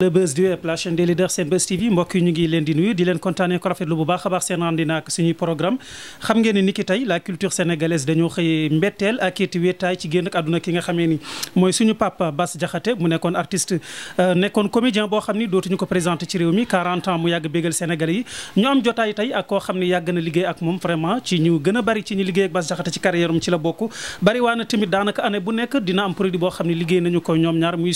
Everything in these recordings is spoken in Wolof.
le buzz du web la chaîne des leaders Senbuzz TV mbokk yi ñu ngi leen di nuyu di leen kontaanee ko rafetlu bu baax a baax seen ànd naag suñuy programme xam ngeen ni niki tey la culture sénégalaise dañoo xëy mbetteel ak it wéetaay ci génn ak àdduna ki nga xamee ni mooy suñu papa Bass Diakhaté mu nekkoon artiste euh, nekkoon comédien boo xam ni dootuñu ko présenté ci réew mi 40 ans mu yàgg bégal Sénégalais yi ñu am jotaay ak koo xam ne yàgg na liggéey ak moom vraiment ci ñu gën a bari la bokk bari waa na tamit daanaka année bu nekk dina am produit boo xam ne liggéey nañu ko ñoom ñaar muy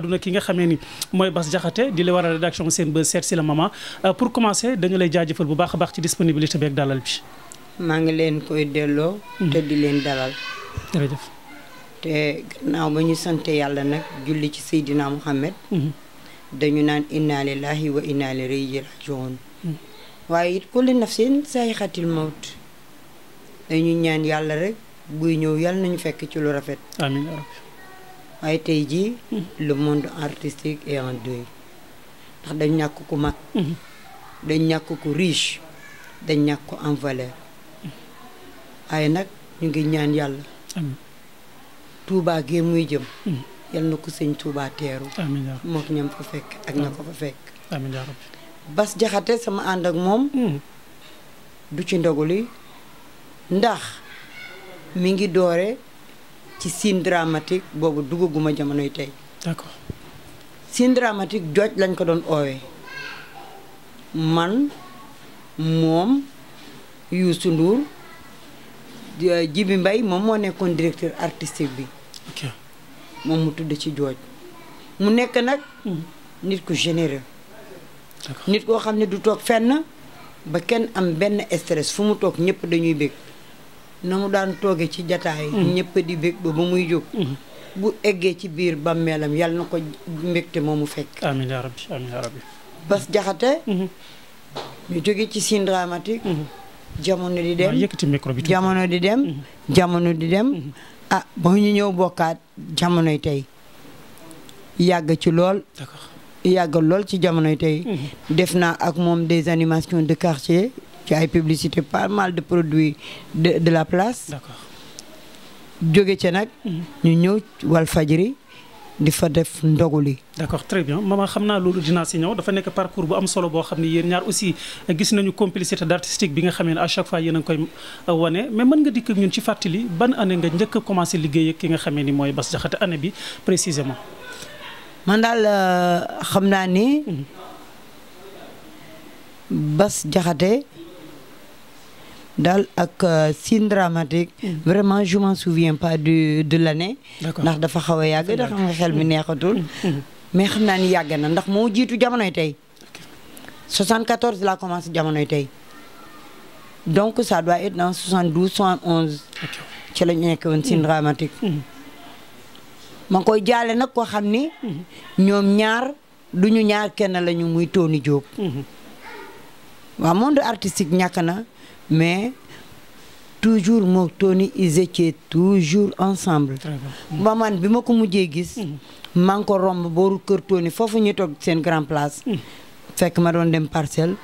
àdduna ki nga xamee ni mooy Bass Diakhaté di la war a rédaction seen ba seet si la euh, pour commencer dañu lay jaajëfal bu baax a baax ci disponibilité bi ak maa ngi leen koy delloo. te di leen dalal. jërëjëf. te gannaaw ba ñu sant yàlla nag julli ci Seydina Muhammad mhm. dañu naan inna lillahi wa inna ilayhi rajiun mhm. waaye it kullu nafsin saayixatil mawt dañu ñaan yàlla rek buy ñëw yàlla nañu fekk ci lu rafet. amiin yaa waaye tey jii le monde artistique est en deuil ndax dañ ñàkk ku mag dañ ñàkk ku riche dañ ñàkk ko en valeur waaye nag ñu ngi ñaan yàlla tuubaa gee muy jëm yal na ko sëñ Touba teeru moo ñam fa fekk ak ña ko fa fekk Bas Jaxate sama ànd ak moom hmm. du ci ndogu li ndax mi ngi doore ci scène dramatique boobu duggaguma jamonoy tey. d'accord scène jooj lañ ko doon oowee man moom Youssou Ndour euh, Jibi mbay moom moo nekkoon directeur artistique bi. moom mu tudd ci jooj mu nekk nag hmm. nit ku généreux. nit koo xam ne du toog fenn ba kenn am benn stress fu mu toog ñëpp dañuy bégg na mu daan tooge ci jataay mm-hmm. ñëpp di bég ba ba muy jóg mm-hmm. bu eggee ci biir bàmmeelam yàlla na ko mbégte mu fekk amiin yaa rabbi bas jaxate mm-hmm. ñu jóge ci Sine Dramatique jamono di dem jamono di dem jamono di dem ba ñu ñëw bokkaat jamonoy tey yàgg ci lool yàgg lool ci jamonoy tey def naa ak moom des animations de quartier ci ay publicité pas mal de produits de de la place. jóge ca nag. Mm-hmm. ñu ñëw Walfadjri di fa def ndogu li. d'accord très xam naa loolu dinaa si ñëw dafa nekk par parcours bu am solo boo xam ne yéen ñaar aussi gis nañu complicité d'artistique bi nga xamee ne à chaque fois yéen a ngi koy euh, wane mais mën nga dikk ñun ci fàttali ban année nga njëkk a commencé liggéey ak ki nga xamee ni mooy Bass Diakhaté année bi précisément. man daal euh, xam naa ni. Mm-hmm. Bass Diakhaté. daal ak euh, Sine dramatique mm. vraiment je m'en souviens pas du de l'année ndax dafa xaw a yàgg ndax xam nga xel mi mm. neexatul mm. mais xam naa ni yàgg na ndax moo jiitu jamonoy tey 74 laa commencé jamonoy tey donc ça doit être dans 72 71 ci la ñu nekk woon ma koy jaale nag koo xam ni ñoom ñaar duñu ñaar kenn lañu muy Tony Diop mm-hmm. waaw monde artistique ñàkk na mais moo mook Tony ils étaient toujours ensemble ba man bi ma ko mujjee gis hmm. maa ko romb booru kër Tony foofu ñu toog seen grand place hmm. fekk ma doon dem parcelle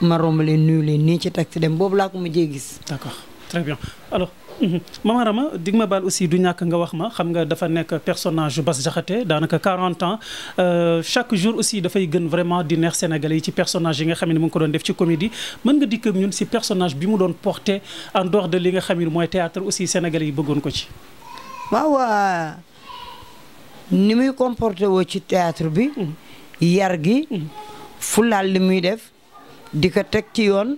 ma romb leen nuyu leen nii ci taxi dem boobu laa ko mujjee gis d'accord Mhm. Mama Rama dig ma baal aussi du ñàkk nga wax ma xam nga dafa nekk personnage Bass Diakhaté daanaka 40 ans euh, chaque jour aussi dafay gën vraiment di neex sénégalais yi ci personnage yi nga xam ne mu ngi ko doon def ci comédie mën nga dikk ñun si personnage bi mu doon porté en dehors de li nga xam ne mooy théâtre aussi sénégalais yi bëggoon ko ci. waaw ni muy comporté woo ci théâtre bi. Mhm. yar gi. Mhm. fulaal li muy def di ko teg ci yoon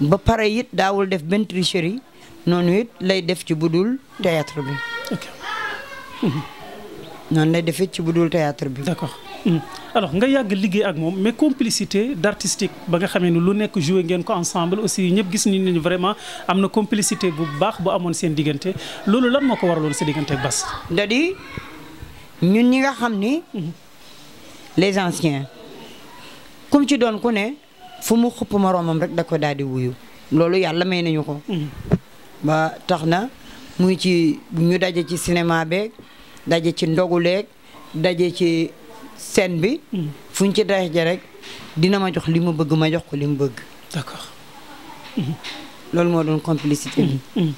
ba pare it daawul def benn tricherie. noonu it lay def ci bu dul théâtre bi. noonu lay defee ci bu dul théâtre bi. d'accord hmm. alors nga yàgg liggéey ak moom mais complicité d'artistique ba nga xamee ni lu nekk joué ngeen ko ensemble aussi ñëpp gis nañu ne vraiment am na complicité bu baax bu amoon seen diggante loolu lan moo ko waraloon sa diggante ak Bass. da di ñun ñi nga xam ni hmm. les anciens comme ci doon ku ne fu mu xupp moroomam rek da ko daal di wuyu loolu yàlla may nañu ko. Hmm. ba tax na muy ci ñu daje ci cinéma beeg daje ci ndoguleeg daje ci scène bi hmm. fu ñu ci daje rek dina ma jox li ma bëgg ma jox ko li mu bëgg d'accord hmm. loolu moo doon complicité bi hmm.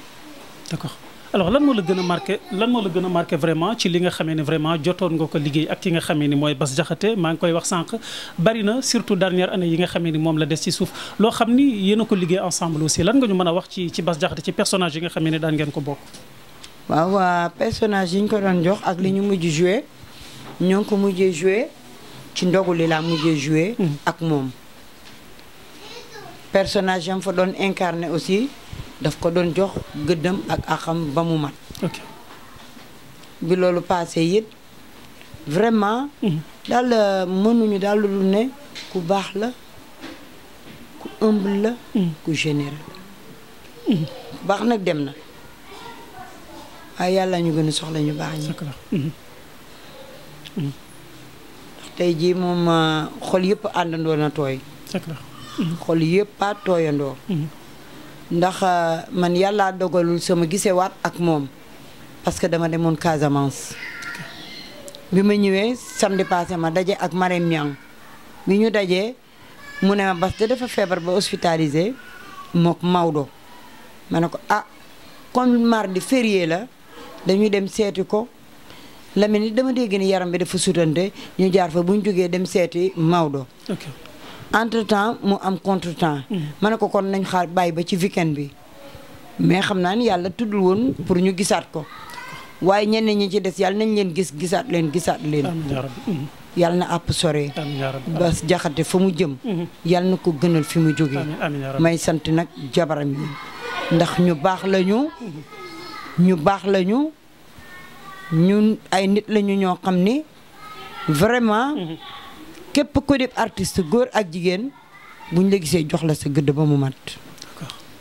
d'accord alors lan moo la gën a marqué lan moo la gën a marqué vraiment ci li nga xamee ne vraiment jotoon nga ko liggéey ak ki nga xamee ni mooy Bass Diakhaté maa ngi koy wax sànq bari na surtout dernière année yi nga xamee ni moom la des ci suuf loo xam ni yéen a ko liggéey ensemble aussi lan nga ñu mën a wax ci ci Bass Diakhaté ci personnage yi nga xamee ne daan ngeen ko bokk waaw waa personnage yi ñu ko doon jox ak li ñu mujj joué ñoo ngi ko mujjee joué ci ndogu li laa mujjee joué mhm. ak moom personnage yam fa doon incarné aussi daf ko doon jox gëddam ak axam ba mu mat bi loolu paase yit vraiment mhm. daal euh, mënuñu daal lu ne ku baax la ku humble la mhm. ku généreux mhm. baax nag dem na waaye yàlla ñu gën a soxla ñu baax ñi tey jii moom euh, xol yëpp àndandoo na tooy xol yëpp tooyandoo ndax euh, man yàllaa dogalul sama gisewaat ak moom parce que dama demoon Casamance bi ma ñëwee samedi ma daje ak Marème Niang bi ñu dajee mu ne ma bas dafa feebar ba hospitalisé mook Maodo ma ne ko ah comme mardi férié la dañuy dem seeti ko ni dama dégg ni yaram bi dafa sutante ñu jaar fa bu ñu jógee dem seeti Maodo. entre temps mu am contre temps. ma ne ko kon nañ xaar bàyyi ba ci weekend bi mais xam naa ni yàlla tuddul woon pour ñu gisaat ko waaye ñenn ñi ci des yàlla nañ leen gis gisaat leen gisaat leen. Mm-hmm. yàlla na àpp sore bas jaxate fa mu jëm mm-hmm. yàlla na ko gënal fi mu jógee may sant nag jabaram yi ndax ñu baax lañu mm-hmm. ñu baax lañu ñun ay nit lañu ñoo xam ni vraiment képp ku di artiste góor ak jigéen buñ la gisee jox la sa gëdd ba mu mat.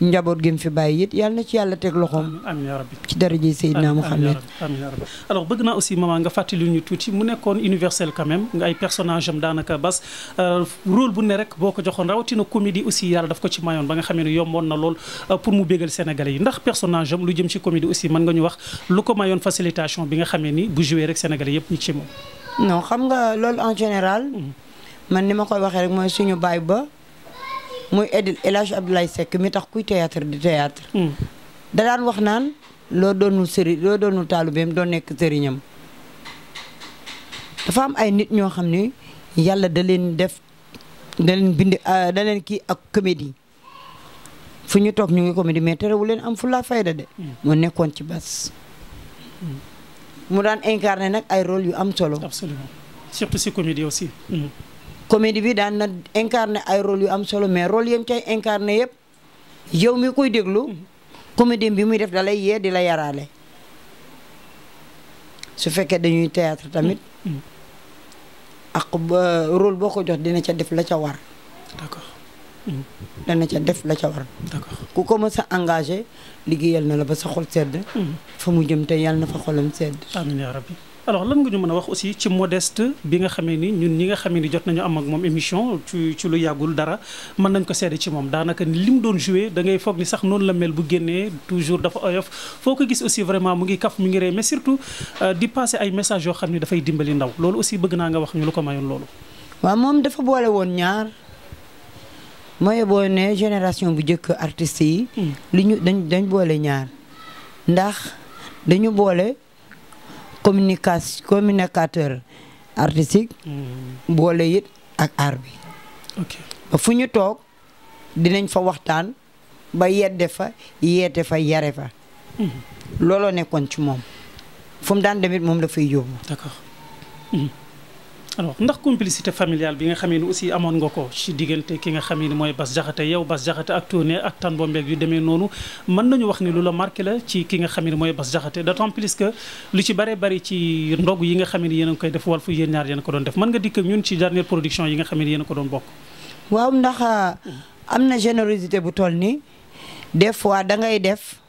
njaboot gi mu fi bàyyi it yàlla na ci yàlla teg loxoom. amiin yaa rabbi ci daraja Seydina Mouhamed. amiin yaa rabbi alors bëgg naa aussi maman nga fàttali ñu tuuti mu nekkoon universel quand même nga ay personnage am daanaka bas euh, rôle bu ne rek boo ko joxoon rawatina comédie aussi yàlla daf ko ci mayoon ba nga xamee ne yomboon na lool euh, pour mu bégal sénégalais yi ndax personnage lu jëm ci comédie aussi mën nga ñu wax lu ko mayoon facilitation bi nga xamee ni bu joué rek sénégalais yëpp ñu ci moom. non xam nga loolu en général hmm. man ni ma koy waxee rek mooy suñu baay ba muy Edil El Hadj sekk mi tax kuy théâtre di théâtre hmm. da daan wax naan loo doonul sëriñ loo doonul taalubeem doo nekk sëriñam dafa am ay nit ñoo xam ni yàlla da leen def da leen bind ah, da kii ak comédie fu ñu toog ñu ngi comédie mais terewul leen am fu la fayda de hmm. moo nekkoon ci bas mu daan incarné nag ay rôle yu am solo. absolument surtout si comédie aussi. Mm. comédie bi daan na incarné ay rôle yu am solo mais role yam cay incarné yëpp yow mi koy déglu. Mm. comédie bi muy def dalay lay yee di la yaraale. su fekkee dañuy théâtre tamit. Mm. ak rôle boo ko jox dina ca def la ca war. d'accord. dana ca def la ca war. ku ko engagé. liggéeyal na la ba sa xol sedd. Mm-hmm. fa mu jëm te yàlla na fa xolam sedd. amiin yaa rabbi alors lan nga ñu mën a wax aussi ci modeste bi nga xamee ni ñun ñi nga xamee ni jot nañu am ak moom émission ci ci lu dara mën nañ ko seede ci moom daanaka li mu doon joué da ngay foog ni sax noonu la mel bu génnee toujours dafa oyof foo ko gis aussi vraiment mu ngi kaf mu ngi ree mais surtout euh, di passé ay message yoo xam ne dafay dimbali ndaw loolu aussi bëgg naa nga wax ñu lu ko mayoon loolu. waaw moom dafa boole woon ñaar. mooy boo ne génération bu njëkk artistes yi. Hmm. li dañ dañ boole ñaar ndax dañu boole communication communicateur artistique. Hmm. boole it ak art bi. fu ñu toog dinañ fa waxtaan ba yedde fa yeete fa yare fa. Hmm. looloo nekkoon ci moom fu daan demit moom la fay yóbbu. alors ndax complicité familiale bi nga xamee ni aussi amoon nga ko ci diggante ki nga xamee ni mooy Bass Diakhaté yow Bass Diakhaté ak tournée ak tan bombeeg yu demee noonu mën nañu wax ni lu la marqué la ci ki nga xamee mooy Bass Diakhaté d'autant plus que lu ci bare bari ci ndog yi nga xamee ni yéen a ngi koy def Walf yéen ñaar yéen a ko doon def mën nga ni yéen a waaw ndax euh, am na générosité bu toll nii des fois da ngay def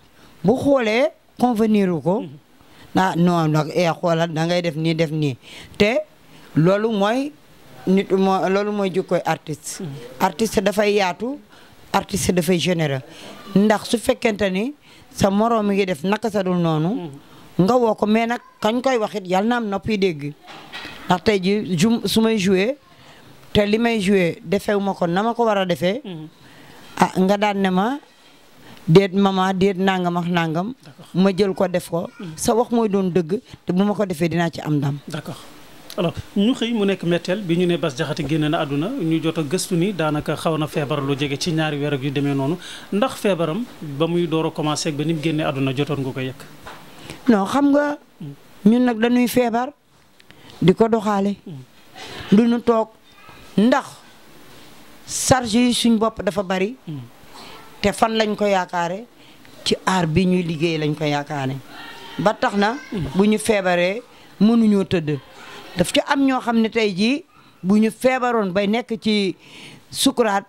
bu xoolee convenir wu ko mm-hmm. ah non nag e eh, xoolal da ngay def nii def nii te loolu mooy nit moo loolu mooy jukkooy artiste mm. artiste dafay yaatu artiste dafay général ndax su fekkente ni sa moroom mi ngi def naka sa dul noonu mm. nga woo ko mais nag kañ koy waxit yàlla na noppi dégg ndax tey ji ju su may joué te li may joué defewu ma ko na ma ko war a defee mm. ah nga daan ne ma déet mama déet nangam ak nangam ma jël ko def ko sa wax mooy doon dëgg te bu ma ko defee dinaa ci am ndam d'accord alors ñu xëy mu nekk metteel bi ñu ne Bass Diakhaté génne na àdduna ñu jot a gëstu ni daanaka xaw na feebar lu jege ci ñaari weer ak yu demee noonu ndax feebaram ba muy door a commencé ak ba ni mu àdduna jotoon nga ko yëg. non xam nga ñun nag dañuy feebar di ko doxale mm. du ñu toog ndax charge yi suñ bopp dafa bari. Mm. te fan lañ ko yaakaare ci aar bi ñuy liggéey lañ ko ne ba tax na. Mm. bu ñu feebaree mënuñoo tëdd. daf ci am ñoo xam ne tey jii bu ñu feebaroon bay nekk ci sukuraat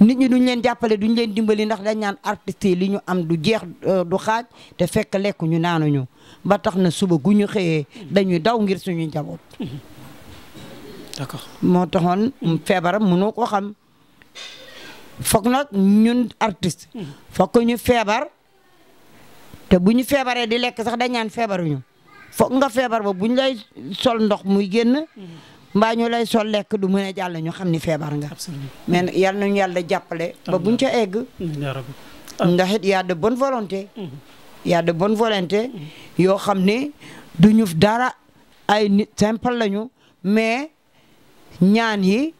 nit ñi duñ leen jàppale duñ leen dimbali ndax dañ naan artistes yi li ñu am du jeex euh, du xaaj te fekk lekk ñu naanuñu ba tax na suba gu ñu xëyee dañuy daw ngir suñu njaboot. d'accord moo taxoon feebaram mënoo ko xam foog nag ñun artiste. Hmm. foog ñu feebar te bu ñu feebaree di lekk sax dañ naan feebaruñu. foog nga feebar ba buñ lay sol ndox muy génn. mbaa ñu lay sol lekk du mën a jàll xam ni feebar nga. mais yal nañu yàlla jàppale. ba buñ ca egg. ndax it y a de bonne volonté. Mhm. Mhm. yoo xam ne du ñu dara ay nit simple lañu mais ñaan yi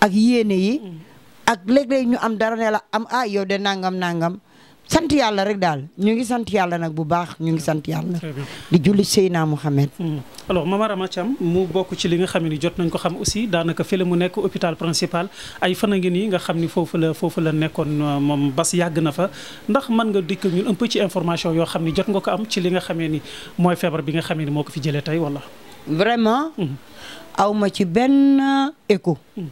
ak yéene yi. Mhm. ak léeg-léeg ñu am dara ne am ah yow de nangam nangam. sant yàlla rek daal ñu ngi sant yàlla nag bu baax ñu ngi sant yàlla. di julli Seyna Mohamed. Hmm. alors Mama Rama Thiam mu bokk ci li nga xam ni jot nañ ko xam aussi daanaka fële mu nekk hôpital principal ay fan a ngi nga xam ni foofu la foofu la nekkoon euh, moom bas yàgg na fa ndax mën nga dikk ñun un information yoo xam ni jot nga ko am ci li nga xamee ni mooy feebar bi nga xamee ni moo ko fi jëlee tey wala. vraiment. Hmm. aw ma ci benn écho. Hmm.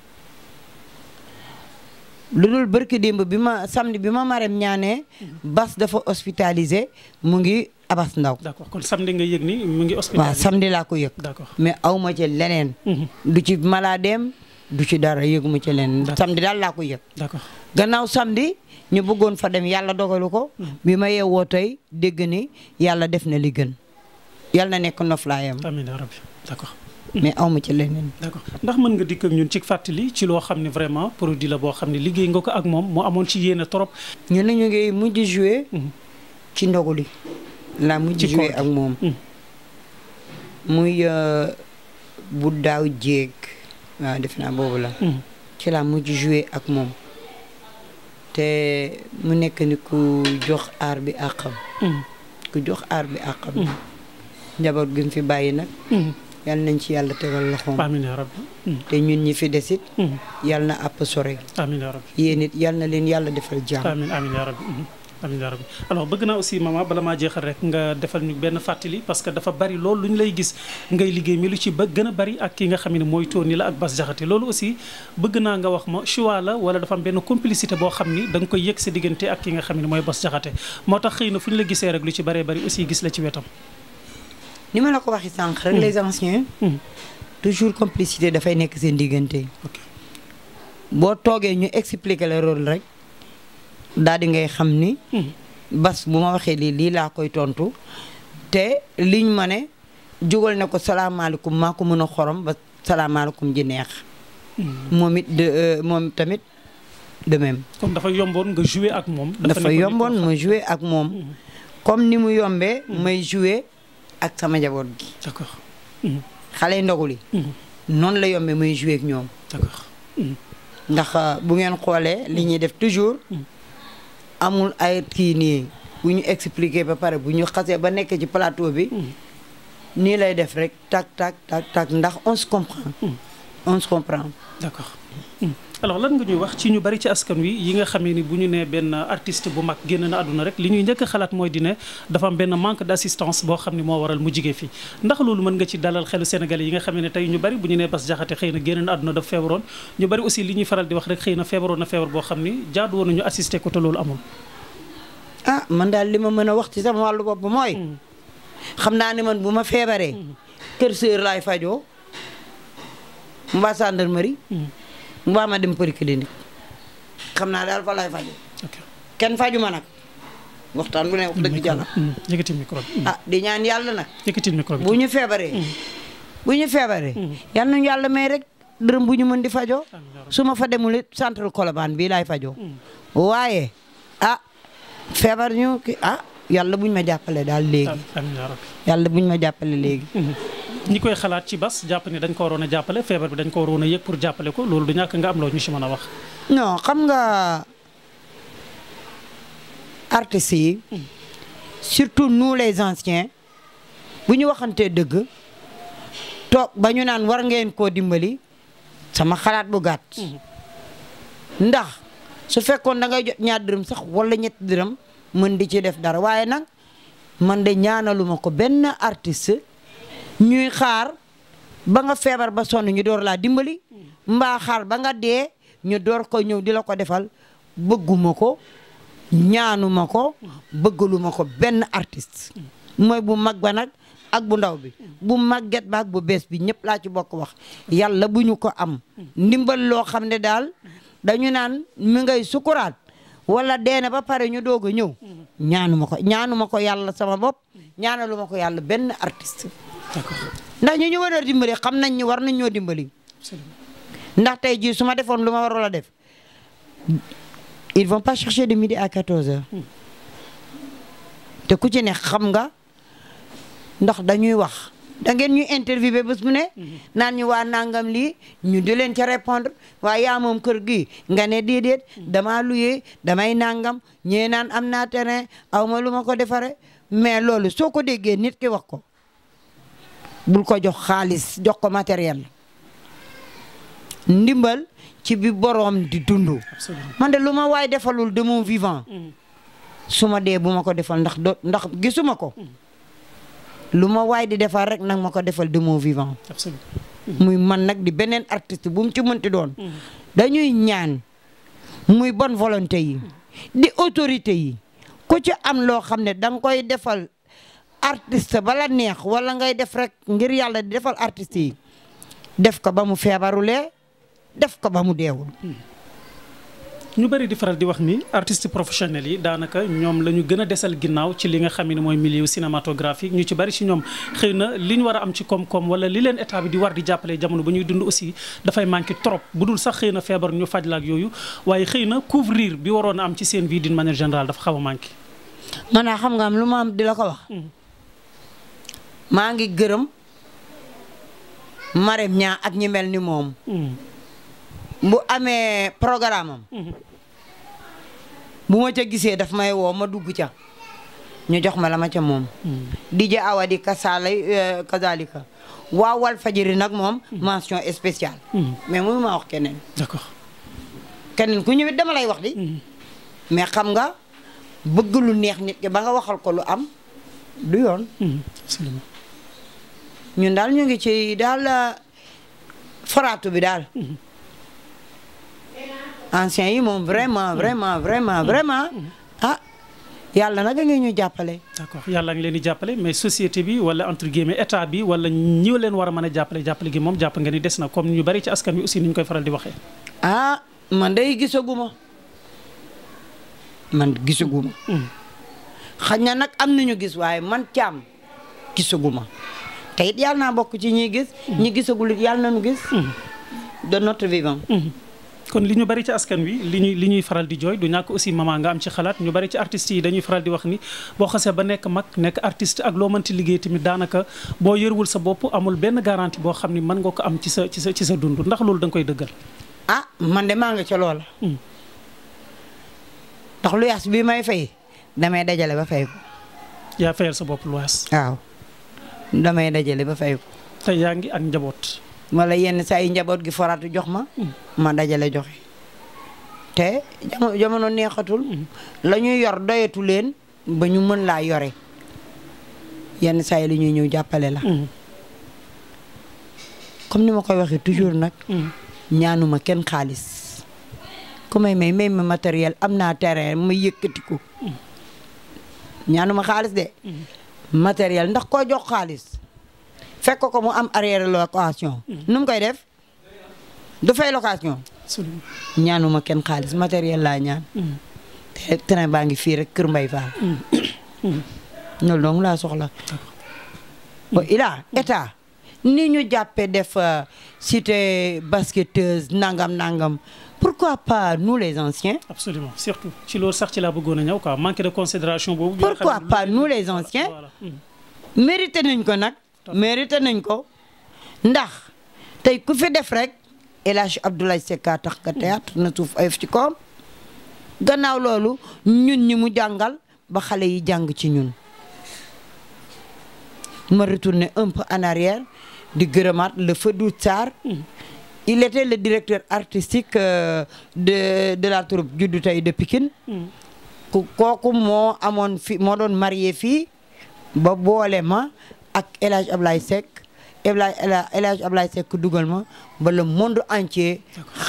lu dul barki démb bi ma samdi bi ma marem ñaanee mm. bas dafa hospitalisé mu ngi abas ndaw. d'accord kon samedi nga yëg ni mu ngi hospitalisé. waaw samedi laa ko yëg. d'accord mais aw ma ci leneen. Mm-hmm. du ci malaa dem du ci dara yëgu ma ci leneen. samdi daal laa ko yëg. d'accord gannaaw samedi ñu buggoon fa dem yàlla dogalu ko. Mm-hmm. bi ma yeewoo tey dégg ni yàlla def na li gën. yàlla na nekk noflaayam. amiin mais awma ci leneen. d'accord ndax mën nga dikk ak ñun ci fàttali ci loo xam ne vraiment produit la boo xam ne liggéey nga ko ak moom moo amoon ci yéene trop. ñu ne ñu ngi mujj joué. Mhm. ci ndogu li. la mujj joué ak moom. Mhm. Euh, bu daaw jéeg. def naa boobu la. Mhm. ci la ak moom. te mu nekk ni ku jox aar bi àqam. ku jox aar bi àqam. njaboot gi mu fi bàyyi nag. yal nañ ci yàlla tegal loxoom. amiin yaa rabbi. Hmm. te ñun ñi fi desit hmm. yal na àpp sore. amiin yaa rabbi yéen it yal na leen yàlla defal jàmm. amiin amiin yaa rabbi. Hmm. amiin yaa rabbi alors bëgg naa aussi jeexal rek nga defal ñu benn fàttali parce que dafa bari loolu lu ñu lay gis ngay liggéey mi lu ci ba gën a bari ak ki nga xam ne mooy Tony la ak Bass Diakhaté loolu aussi bëgg naa nga wax ma choix la wala dafa benn complicité boo xam ni da nga koy yëg sa diggante ak ki nga xam ne mooy Bass Diakhaté moo tax xëy na fu ñu la gisee rek lu ci baree bari aussi gis la ci wetam ni ma la ko waxi sànq rek hmm. les anciens toujours hmm. complicité dafay nekk seen diggante boo toogee ñu expliquer la rôle rek daal di ngay xam ni hmm. bas bu ma waxee lii lii laa koy tontu te liñ ma ne jógal ne ko salaamaaleykum maa ko mën a xorom ba salaamaaleykum ji neex moom it de euh, moom tamit de même comme dafa yomboon nga jouer ak moom dafa yomboon ma jouer ak moom comme ni mu yombee may jouer ak sama njaboot gi. d'accord. xale yi ndogu li. Mm-hmm. noonu la yombee muy jouer ñoom. d'accord. Mm-hmm. ndax euh, bu ngeen xoolee li ñuy def toujours. Mm-hmm. amul ay kii nii bu ñu expliquer ba pare bu ñu xasee ba nekk ci plateau bi. nii lay def rek tak tak tak ndax on se comprend. on se alors lan nga ñuy wax ci ñu bari ci askan wi yi nga xamee ni bu ñu nee benn artiste bu mag génn na àdduna rek li ñuy njëkk a xalaat mooy dina ne dafa am benn manque d'assistance boo xam ne moo waral mu jigee fii ndax loolu mën nga ci dalal xelu sénégalais yi nga xamee ne tey ñu bari bu ñu nee Bass Diakhaté xëy na génn na àdduna daf feebaroon ñu bari aussi li ñuy faral di wax rek xëy na feebaroon na feebar boo xam ni jaadu woon nañu assister ko te loolu amul ah, man daal li ma mën a wax ci sama wàllu bopp mooy hmm. xam naa ne man bu ma feebaree hmm. kër sœur laay fajoo mbaa gendarmerie hmm. waa ma dem polyclinique xam naa daal fa laay kenn faju ma nag waxtaan bu ne wax dëgg jàlla mm-hmm. mm-hmm. yëkkati micro mm-hmm. ah, di ñaan yàlla nag yëkkati micro bi bu ñu feebaree bu ñu feebaree yal nañu yàlla may rek dërëm bu ñu mën di fajoo su ma fa demul it centre Colobane bii laay fajoo waaye a ah, feebar ñu ah yàlla buñ ma jàppale daal léegi yàlla buñ ma jàppale léegi ñi koy xalaat ci bas jàpp ne dañ ko waroon a jàppale feebar bi dañ ko waroon a yëg pour jàppale ko loolu du ñàkk nga si mën a wax. non xam nga artistes yi. Hmm. surtout nous les bu ñu waxantee dëgg to bañu naan war ngeen koo dimbali sama xalaat bu gàtt. Hmm. ndax su fekkoon da ngay jot ñaar dërëm sax wala ñetti dërëm mën di ci def dara waaye nag man de ñaanaluma ko benn artiste. ñuy xaar ba nga feebar ba sonn ñu door laa dimbali mbaa xaar ba nga dee ñu door ko ñëw di la ko defal bëgguma ko ñaanuma ko bëggaluma ko benn artist mooy bu mag ba nag ak bu ndaw bi bu màgget ba ak bu bees bi ñëpp laa ci bokk wax yàlla bu ñu ko am ndimbal loo xam ne daal dañu naan mi ngay sukuraat wala deene ba pare ñu doog a ñëw ñaanuma ko ñaanuma ko yàlla sama bopp ñaanaluma ko yàlla benn artiste ndax ñu ñu war a dimbali xam nañ ñu war nañ ñoo dimbali. ndax tey jii su ma defoon lu ma warul a def ils vont pas chercher midi à 14h. Hmm. te ku ci ne xam nga ndax dañuy wax. da ngeen ñuy interviewé bés bu ne. Hmm. naan waa nangam lii ñu di leen ca répondre waaye yaa moom kër gi nga ne déedéet hmm. dama luye damay nangam ñee naan am naa terrain aw ma lu ma ko defaree mais loolu soo ko déggee nit ki wax ko. bul ko jox xaalis jox ko matériel ndimbal ci bi boroom di dund. man de lu ma waay defalul de mon vivant. Mm. su ma dee bu ma ko defal ndax do ndax gisuma ko. Mm. lu ma waay di defal rek nag ma ko defal de mon vivant. Mm. muy man nag di beneen artiste bu mu ci mënti doon. dañuy ñaan muy bonne volonté yi. di autorité yi ku ci am loo xam ne danga koy defal artiste bala neex wala ngay def rek ngir yàlla di defal artiste yi def ko ba mu feebarulee def ko ba mu deewul. Hmm. ñu bëri di faral di wax mi artiste professionnel yi daanaka ñoom la ñu gën a desal ginnaaw ci li nga xam ne mooy milieu cinématographique ñu ci bari si ñoom xëy na li ñu war a am ci koom-koom wala li leen état bi di war di jàppale jamono ba ñuy dund aussi dafay manqué trop bu dul sax xëy na feebar ñu faj la yooyu waaye xëy na couvrir bi waroon a am ci seen vie d'une manière a manqué. maanaam xam nga maa ngi gërëm Marème ñaa ak ñi mel ni moom. Mm. bu amee programme am. Mm-hmm. bu ma ca gisee daf may woo ma dugg ca ñu jox ma la ma ca moom. Mm. di ja awa di kasaalay eh, kazaalika waaw wal fajiri nag moom. Mm. mention spéciale. mais mënu maa wax keneen. keneen ku ñëwit dama lay wax di. mais xam nga bëgg lu neex nit ki ba nga waxal ko lu am du yoon. ñun daal ñu ngi ci daal euh, foraatu bi daal. Mm-hmm. anciens yi moom vraiment mm-hmm. vraiment vraiment mm-hmm. vraiment ah yàlla nag ngee ñu jàppale. d'accord yàlla ngi leen di jàppale mais société bi wala entre guillemets état bi wala ñëw leen war a mën a jàppale jàppale gi moom jàpp nga ni des na comme ñu bari ci askan wi aussi ni ñu koy faral di waxee. ah man day gisaguma man gisaguma. xañ na nag am nañu gis waaye man caam gisaguma. te it yàlla naa bokk ci ñuy gis. Mm. ñi gisagul it yàlla nu gis. Mm. de notre vivant. Mm. kon li ñu bari ci askan wi li ñuy li ñuy faral di jooy du ñàkk aussi maman nga am ci xalaat ñu bari ci artist yi dañuy faral di wax ni boo xasee ba nekk mag nekk artiste ak loo mënti liggéey tamit daanaka boo yërwul sa bopp amul benn garantie boo xam ni mën nga ko am ci sa ci sa ci sa dund ndax loolu da nga koy dëggal. ah man de maa nga ca loola. ndax lu yaas bii may fay damay dajale ba fay ko. yaa fayal sa bopp lu damay dajale ba fay ko. te yaa ngi ak njaboot. wala yenn saa yi njaboot gi foraatu jox ma. Mm. ma dajale joxe. te jamono neexatul. Mm. la ñuy yor doyatu leen ba ñu mën laa yore yenn saa yi la ñuy ñëw jàppale la. Mm. comme ni ma ko waxee toujours nag. ñaanuma kenn xaalis. ku may may may ma matériel am naa terrain ma yëkkati ko. ñaanuma xaalis de. matériel ndax ko jox xaalis fekk ko mu am arrière location. Hmm. nu koy def du fay location. ñaanuma kenn xaalis matériel laa ñaan. Hmm. te train baa ngi fii rek Kër Mbay Fall. Hmm. loolu dong laa soxla. ba ilaa état ni ñu jàppee def euh, cité basketteuse nangam nangam. pourquoi pas nous les anciens. absolument surtout ci loolu sax ci bëggoon a ñëw quoi manque de considération boobu. pourquoi pas nous les anciens. Mm. mérité nañ ko nag. mérité nañ ko ndax tey ku fi def rek El Hadj Abdoulaye Seck a tax ka théâtre na suuf ayof ci koom gannaaw loolu ñun ñi mu jàngal ba xale yi jàng ci ñun. ma retourner un peu en arrière di gërëmaat le feu du tsar. Mm. il était le directeur artistique euh, de de la troupe juddu tey de Pikine hmm. kooku moo amoon fi moo doon marié fii ba boole ma ak El Hadj Ablaye Seck El Hadj Ablaye Seck dugal ma ba le monde entier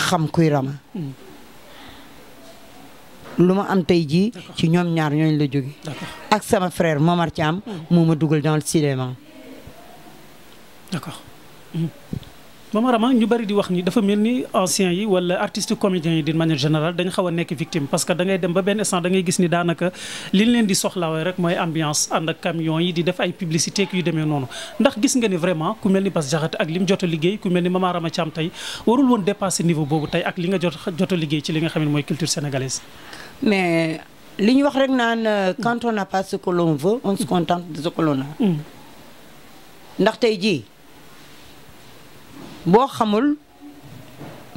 xam kuy Rama hmm. lu ma am tey jii ci ñoom ñaar ñooñu la jóge ak sama frère Momar Thiam hmm. moom ma dugal dans le cinéma Mama ñu bari di wax ni dafa mel ni anciens yi wala artistes comédiens yi d'une manière générale dañ xaw a nekk victime parce que da ngay dem ba benn instant da ngay gis ni daanaka liñ leen di soxlawee rek mooy ambiance ànd ak camion yi di def ay publicité ak yu demee noonu ndax gis nga ni vraiment ku mel ni Bass Diakhaté ak li mu jot a liggéey ku mel ni Mama Rama tey warul woon dépasser niveau boobu tey ak li nga jot a liggéey ci li nga xam wax rek naan euh, quand on n'a pas ce que l'on veut on a. Mm. ndax boo xamul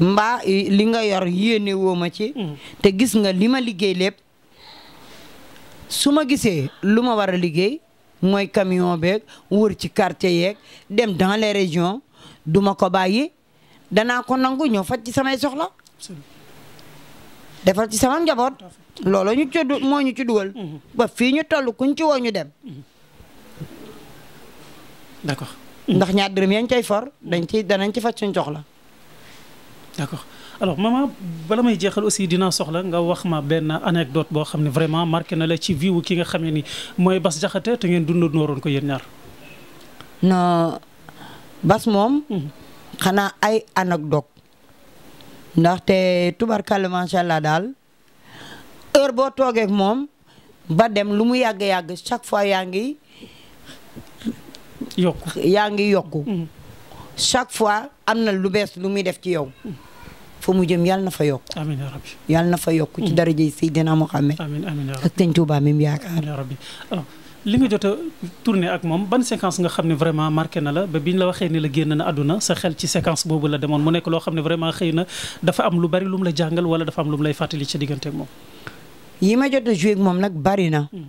mbaa li nga yor yéene woo ma ci mm-hmm. te gis nga li ma liggéey lépp su ma gisee lu ma war a liggéey mooy camion beeg wër ci quartier yeeg dem dans les régions du ma ko bàyyi danaa ko nangu ñëw faj ci samay soxla defal ci sama njaboot loolu ñu ci moo ñu ci mm-hmm. ba fii ñu toll kuñ ci ñu dem mm-hmm. d'accord ndax ñaar dërëm yaa ngi cay for dañ ci danañ ci faj suñ soxla. d'accord alors maman bala may jeexal aussi dinaa soxla nga wax ma benn anecdote boo xam ne vraiment marqué na la ci vie ki nga xam ne ni mooy Bas Jaxate te ngeen dund nooroon ko yéen ñaar. non Bas moom. Mhm. xanaa ay anecdote ndaxte tubarkalla macha allah daal heure boo toogeek moom ba dem lu mu yàgg yàgg chaque fois yaa ngi. yokku yaa ngi yokku mm-hmm. chaque fois am na lu bees lu muy def ci yow mm-hmm. fa mu jëm yàlla na fa yokk amiin yaa rabbi yàlla na fa yokk ci mm-hmm. darajey Seydina Muhammad amiin amiin yaa rabbi ak Sëñ Tuubaa mi mu yaakaar yaa rabbi ah, li nga jot a tourné ak moom ban séquence nga xam ne vraiment marqué na la ba bi la waxee ni la génn na àdduna sa xel ci séquence boobu la demoon mu nekk loo xam ne vraiment xëy na dafa am lu bari lu mu la jàngal wala dafa am lu mu lay fàttali ci diggante ak moom. yi ma jot a joué moom nag bari na. Mm.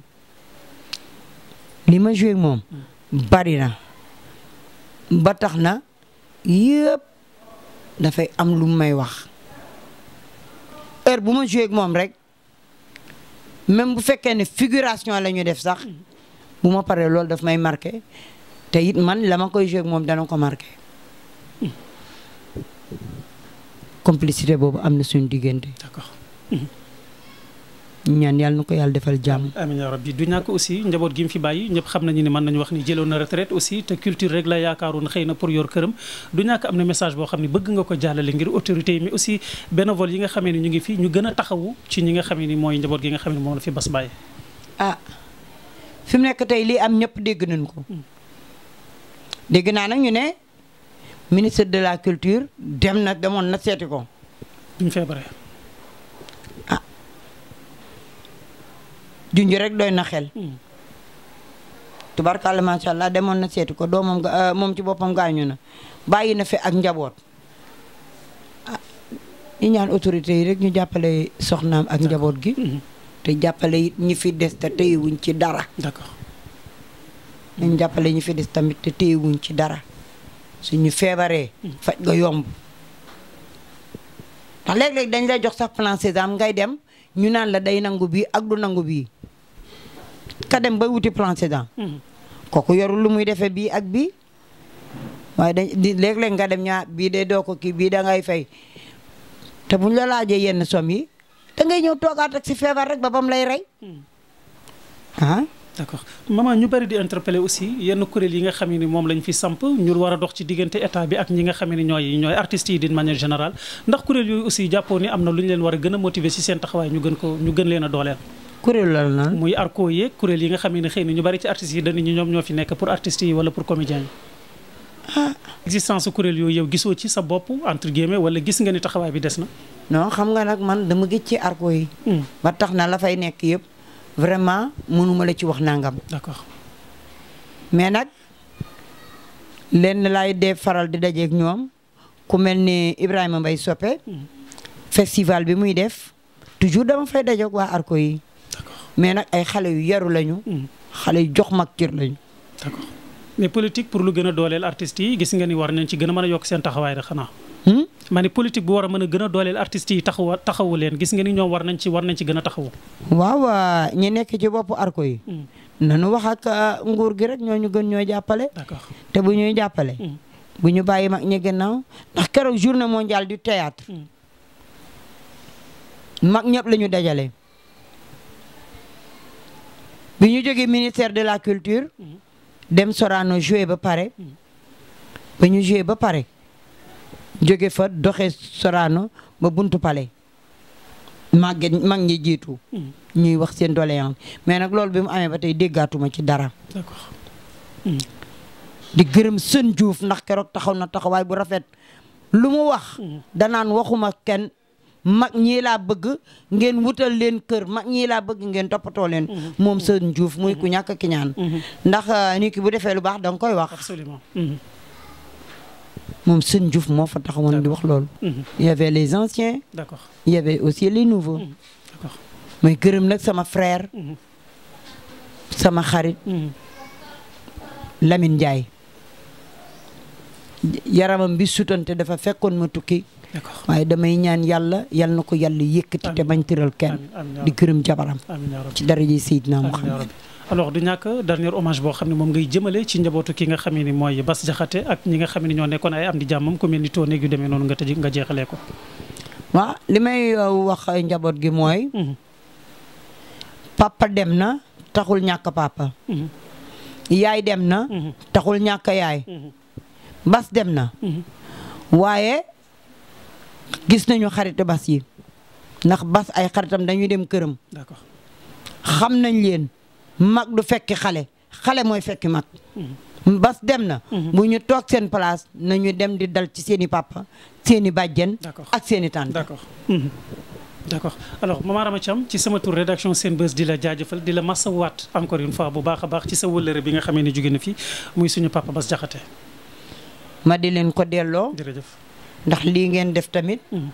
li moom. Mm. bari na ba tax na yëpp dafay am lu may wax heure bu ma joué moom rek même bu fekkee ne figuration la ñu def sax bu ma paree loolu daf may marqué te it man la ma koy joué moom dana ko marke complicité boobu am na suñu diggante d'accord ñaan yàlla na ko yàlla defal jàmm amiin yaa rabbi du ñàkk aussi njaboot gi mu fi bàyyi ñëpp xam nañu ni mën nañu wax ni jëloon na retraite aussi te culture rek la yaakaaroon xëy na pour yor këram du ñàkk am na message boo xam ne bëgg nga ko jàllale ngir autorité yi mais aussi bénévole yi nga xamee ni ñu ngi fi ñu gën a taxawu ci ñi nga xamee ni mooy njaboot gi nga xamee ni moom la fi bas bàyyi ah fi mu nekk tey lii am ñëpp dégg nañ ko hmm. dégg naa nag ñu ne ministre de la culture dem na demoon na seeti ko duñ feebaree junj rek doy na xel. Hmm. tubarkalla macha allah demoon na seeti ko doomam euh, moom ci boppam gaañu na bàyyi na fi ak njaboot. Ah, ñu ñaan autorités yi rek ñu jàppale soxnaam ak njaboot gi. Hmm. te jàppale it ñi fi des te téyewuñ ci dara. d'accord ñu hmm. jàppale ñi fi des tamit te téyewuñ ci dara suñu feebaree. faj ga yomb. ndax léeg-léeg dañ lay jox sax plan ngay dem. ñu naan la day nangu bii ak du nangu bii ka dem ba wuti président mm-hmm. kooku yorul lu muy defe bii ak bi waaye dañ di léeg nga dem ñaa bii de doo ko kii bii da ngay fay te buñ la laajee yenn somme yi da ngay ñëw toogaat si feebar rek ba bam lay rey mm-hmm. ah d'accord maman ñu bari di interpeller aussi yenn kuréel yi nga xam ni moom lañ fi samp ñu war a dox ci diggante état bi ak ñi nga xam ni ñooy ñooy artistes yi d'une manière générale ndax kuréel yooyu aussi jàppoo ni am na lu ñu leen war a gën a motiver ci seen taxawaay ñu gën ko ñu gën leen a dooleel. kuréel la lan muy arco yeeg kuréel yi nga xam ne xëy na ñu bari ci artistes yi dañu ñoom ñoo fi nekk pour artistes yi wala pour comédiens yi. ah. existence kuréel yooyu gisoo ci sa bopp entre guillemets wala gis nga ni taxawaay bi des na. non xam nga nag man dama gis ci arco yi. Hmm. ba tax na la vraiment mënuma la ci wax nangam. d'accord mais nag lenn laay dee faral di dajeek ñoom ku mel ni Ibrahima Mbaye soppe mm-hmm. festival bi muy def toujours dama fay dajeeg waa arko yi. mais nag ay xale yu yaru lañu. Mm-hmm. xale yu jox mag cër lañu. d'accord mais politique pour lu gën a dooleel artistes yi gis nga ni war nañ ci gën a mën a yokk seen taxawaay rek xanaa. Hmm? ma ne politique bu war a mën a gën a dooleel artistes yi taxawu taxawu leen gis nga ni ñoom war nañ ci war nañ ci gën a taxawu. waaw ñi nekk ci boppu arko yi. Hmm. nanu wax ak uh, nguur gi rek ñoo ñu gën ñoo jàppale. d'accord te bu ñuy jàppale. Hmm. bu ñu bàyyi mag ñi gannaaw ndax keroog journée mondiale du théâtre mag ñëpp lañu dajale. bi ñu jógee ministère de la culture. dem Sorano joué ba pare. ba ñu joué ba pare. jóge fa doxe soraanu ba buntu pale màgget mag ñi jiitu. Hmm. ñuy wax seen doléance mais nag loolu bi mu amee ba tey déggaatuma ci dara. Hmm. di gërëm sën Diouf ndax keroog taxaw na taxawaay bu rafet lu mu wax. Hmm. danaan waxuma kenn mag ñii laa bëgg ngeen wutal leen kër mag ñii laa bëgg ngeen toppatoo leen. moom sën Diouf muy ku ñàkk ki ñaan. ndax euh, nit ki bu defee lu baax danga koy wax. moom seen Diouf moo fa taxawoon di wax loolu. Mhm. il y les anciens. d'accord il y avait aussi les nouveaux. Mhm. d'accord may gërëm nag sama frère. Mhm. sama xarit. Lamine Ndiaye. yaramam bi sutante dafa fekkoon ma tukki. waaye damay ñaan yàlla yal na ko yàlla yëkkati te bañ tëral kenn. di gërëm jabaram. ci dara ji Seydina Muhammad alors du ñàkk dernier hommage boo xam ne moom ngay jëmale ci njabootu ki nga xam ne mooy Bass Diakhaté ak ñi nga xam ne ñoo nekkoon ay am di jàmmam ku mel ni tooneeg yu demee noonu nga tëj nga jeexalee ko. waaw li may euh, wax njaboot gi mooy. Mhm. papa dem na taxul ñàkk papa. Mhm. yaay dem na. Mhm. taxul ñàkk yaay. Bass dem na. waaye gis nañu xarit Bass yi ndax Bass ay xaritam dañuy dem këram. d'accord xam nañ leen. mag du fekki xale xale mooy fekki mag bas dem na bu mhm. ñu toog seen na nañu dem di dal ci seen i seeni seen i bàjjen ak seen i tànt d'accord mhm. d' accord alors maman Rama Thiam ci sama tour rédaction Senbuzz di la jaajëfal di la masawaat encore une fois bu baax a baax ci sa wëllëre bi nga xamee ne jóge na fi muy suñu papa Bass Diakhaté ma di leen ko delloo jërëjëf ndax lii ngeen def tamit mhm.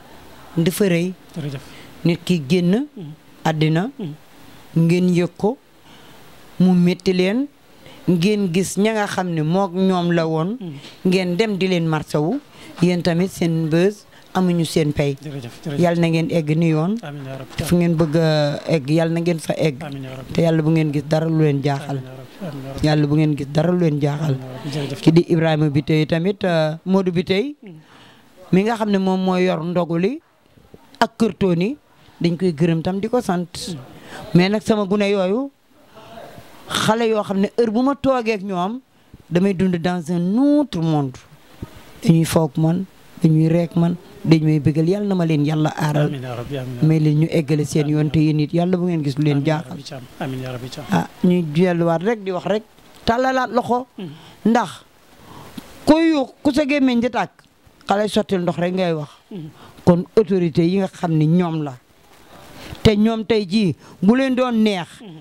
dafa rëy jërëjëf nit ki génn àddina ngeen yëg ko mu métti leen ngeen gis ña nga xam ne moog ñoom la woon mm. ngeen dem di leen marsawu yéen tamit seen bës amuñu seen pay yàlla na ngeen egg ni yoon te fu ngeen bëgg a egg yàlla na ngeen fa egg te yàlla bu ngeen gis dara lu leen jaaxal yàlla bu ngeen gis dara leen jaaxal ki di Ibrahima bi tey tamit euh, Modou bi tey mm. mi nga xam ne moom moo yor ndogu li ak kërtoon yi dañ koy gërëm tamit di ko sant mm. mais nag sama gune yooyu xale yoo xam ne heure bu ma toogeek ñoom damay dund dans un autre monde dañuy foog man dañuy reek man dañuy bëggal yàlla na ma leen yàlla aaral may leen ñu eggale seen yoon te yéen it yàlla bu ngeen gis lu leen jaaxal ah ñuy delluwaat rek di wax rek tàllalaat loxo hmm. ndax kuy yuux ku sa gémmiñ di tàkk xale sottil ndox rek ngay wax hmm. kon autorité yi nga xam ne ñoom la te ñoom tey jii bu leen doon neex hmm.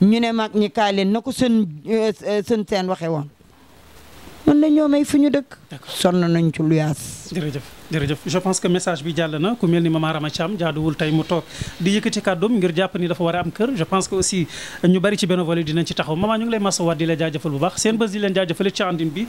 ñu ne mag ñi kaay leen na ko sën eh, sën seen waxe woon mën na ñoo may fu ñu dëkk. sonn nañ ci luyaas. jërëjëf jërëjëf je pense que message bi jàll na ku mel ni Mama Rama Thiam jaaduwul tey mu toog di yëkkati kàddoom ngir jàpp ni dafa war a am kër je pense que aussi ñu bari ci benn volet dinañ ci taxaw maman ñu ngi lay masawaat di la jaajëfal bu baax seen bés di leen jaajëfale ci àndin bi.